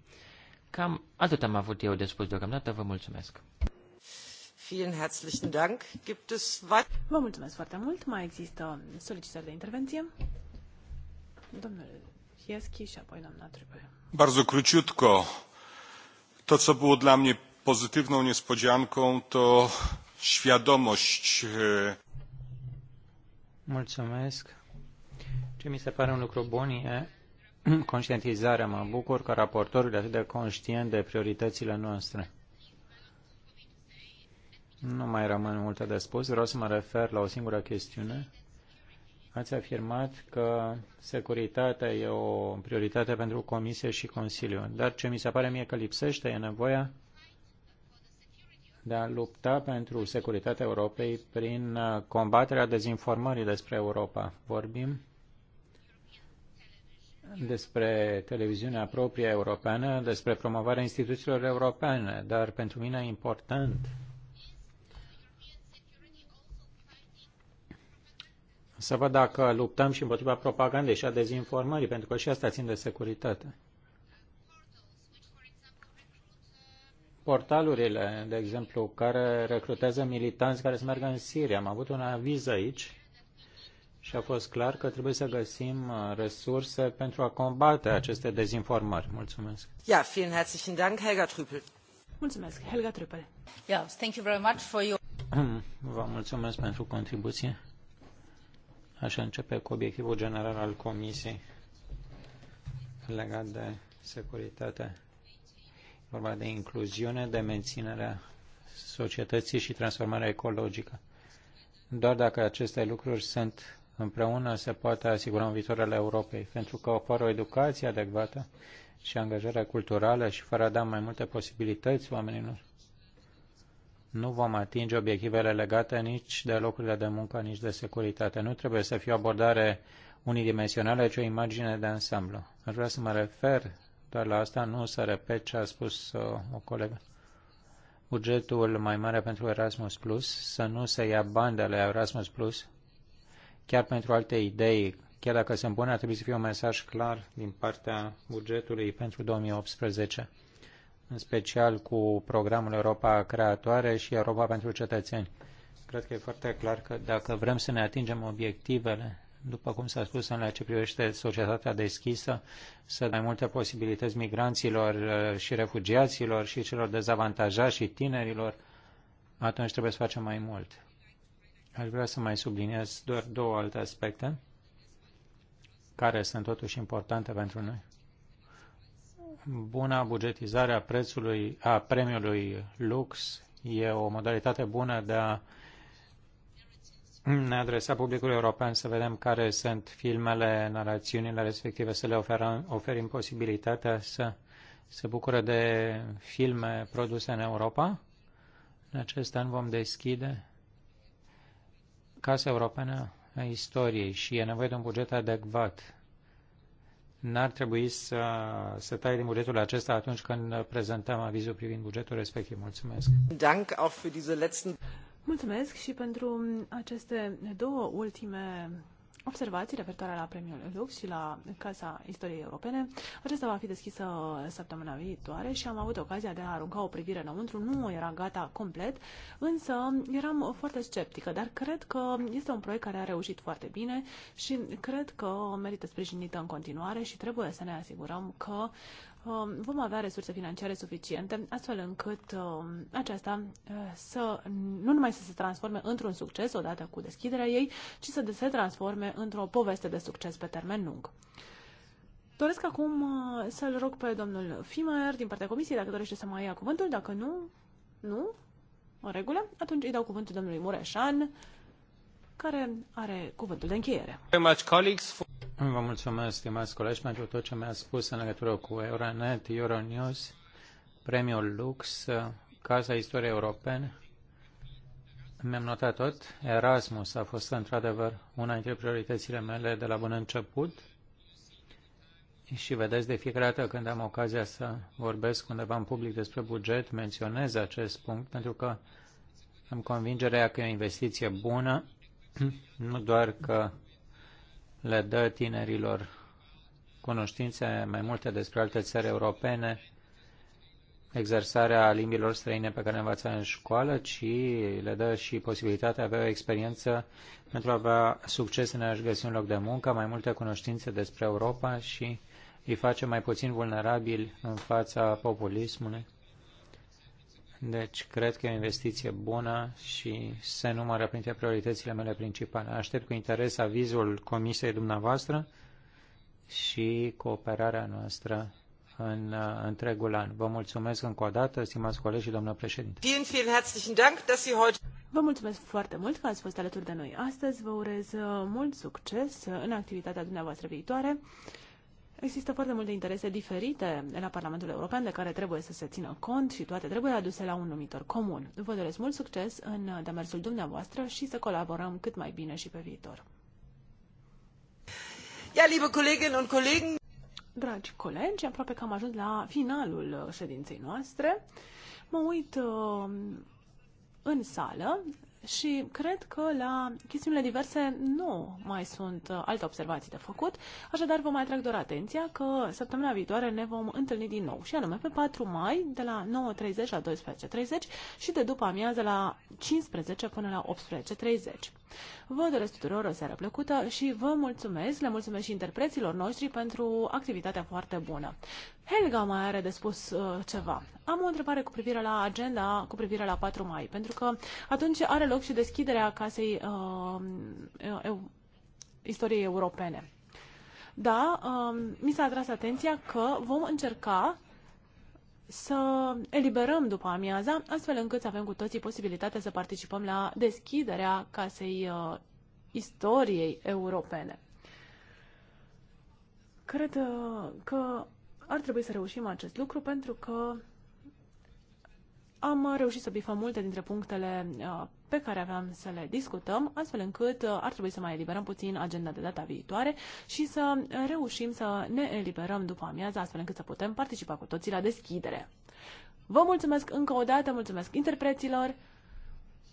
Cam atât am avut eu de spus deocamdată, vă mulțumesc. Vă mulțumesc foarte mult. Mai există solicitări de intervenție? Domnul Hieschi și apoi doamna Trebuie. Bardzo króciutko. To, co było dla mnie pozytywną niespodzianką, to świadomość. Mulțumesc. Ce mi se pare un lucru bun e conștientizarea. Mă bucur că raportorul e atât de conștient de prioritățile noastre. Nu mai rămân multe de spus, vreau să mă refer la o singură chestiune. Ați afirmat că securitatea e o prioritate pentru Comisie și Consiliu, dar ce mi se pare mie că lipsește e nevoia de a lupta pentru securitatea Europei prin uh, combaterea dezinformării despre Europa. Vorbim despre televiziunea proprie europeană, despre promovarea instituțiilor europene, dar pentru mine e important să văd dacă luptăm și împotriva propagandei și a dezinformării, pentru că și asta țin de securitate. Portalurile, de exemplu, care recrutează militanți care să meargă în Siria. Am avut un aviz aici și a fost clar că trebuie să găsim uh, resurse pentru a combate aceste dezinformări. Mulțumesc. Ja, vielen herzlichen Dank, Helga Trüppel. Mulțumesc, Helga Trüppel. Ja, thank you very much for your... Vă mulțumesc pentru contribuție. Aș începe cu obiectivul general al Comisiei legat de securitate. Vorba de incluziune, de menținerea societății și transformarea ecologică. Doar dacă aceste lucruri sunt împreună, se poate asigura un viitor al Europei, pentru că oferă o educație adecvată și angajare culturală și fără a da mai multe posibilități oamenilor nu vom atinge obiectivele legate nici de locurile de muncă, nici de securitate. Nu trebuie să fie o abordare unidimensională, ci o imagine de ansamblu. Aș vrea să mă refer doar la asta, nu să repet ce a spus uh, o colegă. Bugetul mai mare pentru Erasmus Plus, să nu se ia bani de la Erasmus Plus, chiar pentru alte idei, chiar dacă sunt bune, ar trebui să fie un mesaj clar din partea bugetului pentru 2018 în special cu programul Europa Creatoare și Europa pentru Cetățeni. Cred că e foarte clar că dacă vrem să ne atingem obiectivele, după cum s-a spus în ce privește societatea deschisă, să dai multe posibilități migranților uh, și refugiaților și celor dezavantajați și tinerilor, atunci trebuie să facem mai mult. Aș vrea să mai subliniez doar două alte aspecte care sunt totuși importante pentru noi. Buna bugetizare a prețului, a premiului lux e o modalitate bună de a ne adresa publicului european să vedem care sunt filmele, narațiunile respective, să le oferăm, oferim posibilitatea să se bucură de filme produse în Europa. În acest an vom deschide Casa Europeană a Istoriei și e nevoie de un buget adecvat n-ar trebui să să tai din bugetul acesta atunci când prezentăm avizul privind bugetul respectiv. Mulțumesc! Dank auch für diese letzten... Mulțumesc și pentru aceste două ultime observații referitoare la premiul Lux și la Casa Istoriei Europene. Acesta va fi deschisă săptămâna viitoare și am avut ocazia de a arunca o privire înăuntru. Nu era gata complet, însă eram foarte sceptică, dar cred că este un proiect care a reușit foarte bine și cred că merită sprijinită în continuare și trebuie să ne asigurăm că Um, vom avea resurse financiare suficiente, astfel încât um, aceasta uh, să nu numai să se transforme într-un succes odată cu deschiderea ei, ci să se transforme într-o poveste de succes pe termen lung. Doresc acum uh, să-l rog pe domnul Fimer din partea comisiei dacă dorește să mai ia cuvântul, dacă nu, nu, în regulă, atunci îi dau cuvântul domnului Mureșan, care are cuvântul de încheiere. Vă mulțumesc, stimați colegi, pentru tot ce mi-ați spus în legătură cu Euronet, Euronews, Premiul Lux, Casa Istoriei Europene. Mi-am notat tot. Erasmus a fost într-adevăr una dintre prioritățile mele de la bun început. Și vedeți, de fiecare dată când am ocazia să vorbesc undeva în public despre buget, menționez acest punct pentru că am convingerea că e o investiție bună, nu doar că le dă tinerilor cunoștințe mai multe despre alte țări europene, exersarea limbilor străine pe care le învață în școală, ci le dă și posibilitatea de a avea o experiență pentru a avea succes în a-și găsi un loc de muncă, mai multe cunoștințe despre Europa și îi face mai puțin vulnerabili în fața populismului deci, cred că e o investiție bună și se numără printre prioritățile mele principale. Aștept cu interes avizul comisiei dumneavoastră și cooperarea noastră în uh, întregul an. Vă mulțumesc încă o dată, stimați colegi și domnul președinte. Vă mulțumesc foarte mult că ați fost alături de noi astăzi. Vă urez uh, mult succes uh, în activitatea dumneavoastră viitoare. Există foarte multe interese diferite la Parlamentul European de care trebuie să se țină cont și toate trebuie aduse la un numitor comun. Vă doresc mult succes în demersul dumneavoastră și să colaborăm cât mai bine și pe viitor. Ja, liebe Kolleginnen und Kollegen, Dragi colegi, aproape că am ajuns la finalul ședinței noastre. Mă uit uh, în sală, și cred că la chestiunile diverse nu mai sunt uh, alte observații de făcut, așadar vă mai atrag doar atenția că săptămâna viitoare ne vom întâlni din nou și anume pe 4 mai de la 9.30 la 12.30 și de după amiază la 15 până la 18.30. Vă doresc tuturor o seară plăcută și vă mulțumesc, le mulțumesc și interpreților noștri pentru activitatea foarte bună. Helga mai are de spus uh, ceva. Am o întrebare cu privire la agenda, cu privire la 4 mai, pentru că atunci are loc și deschiderea casei uh, eu, istoriei europene. Da, uh, mi s-a atras atenția că vom încerca să eliberăm după amiaza, astfel încât să avem cu toții posibilitatea să participăm la deschiderea casei uh, istoriei europene. Cred uh, că ar trebui să reușim acest lucru pentru că am reușit să bifăm multe dintre punctele uh, pe care aveam să le discutăm, astfel încât uh, ar trebui să mai eliberăm puțin agenda de data viitoare și să uh, reușim să ne eliberăm după amiază, astfel încât să putem participa cu toții la deschidere. Vă mulțumesc încă o dată, mulțumesc interpreților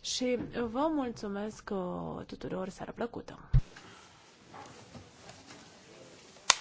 și vă mulțumesc uh, tuturor, seara plăcută!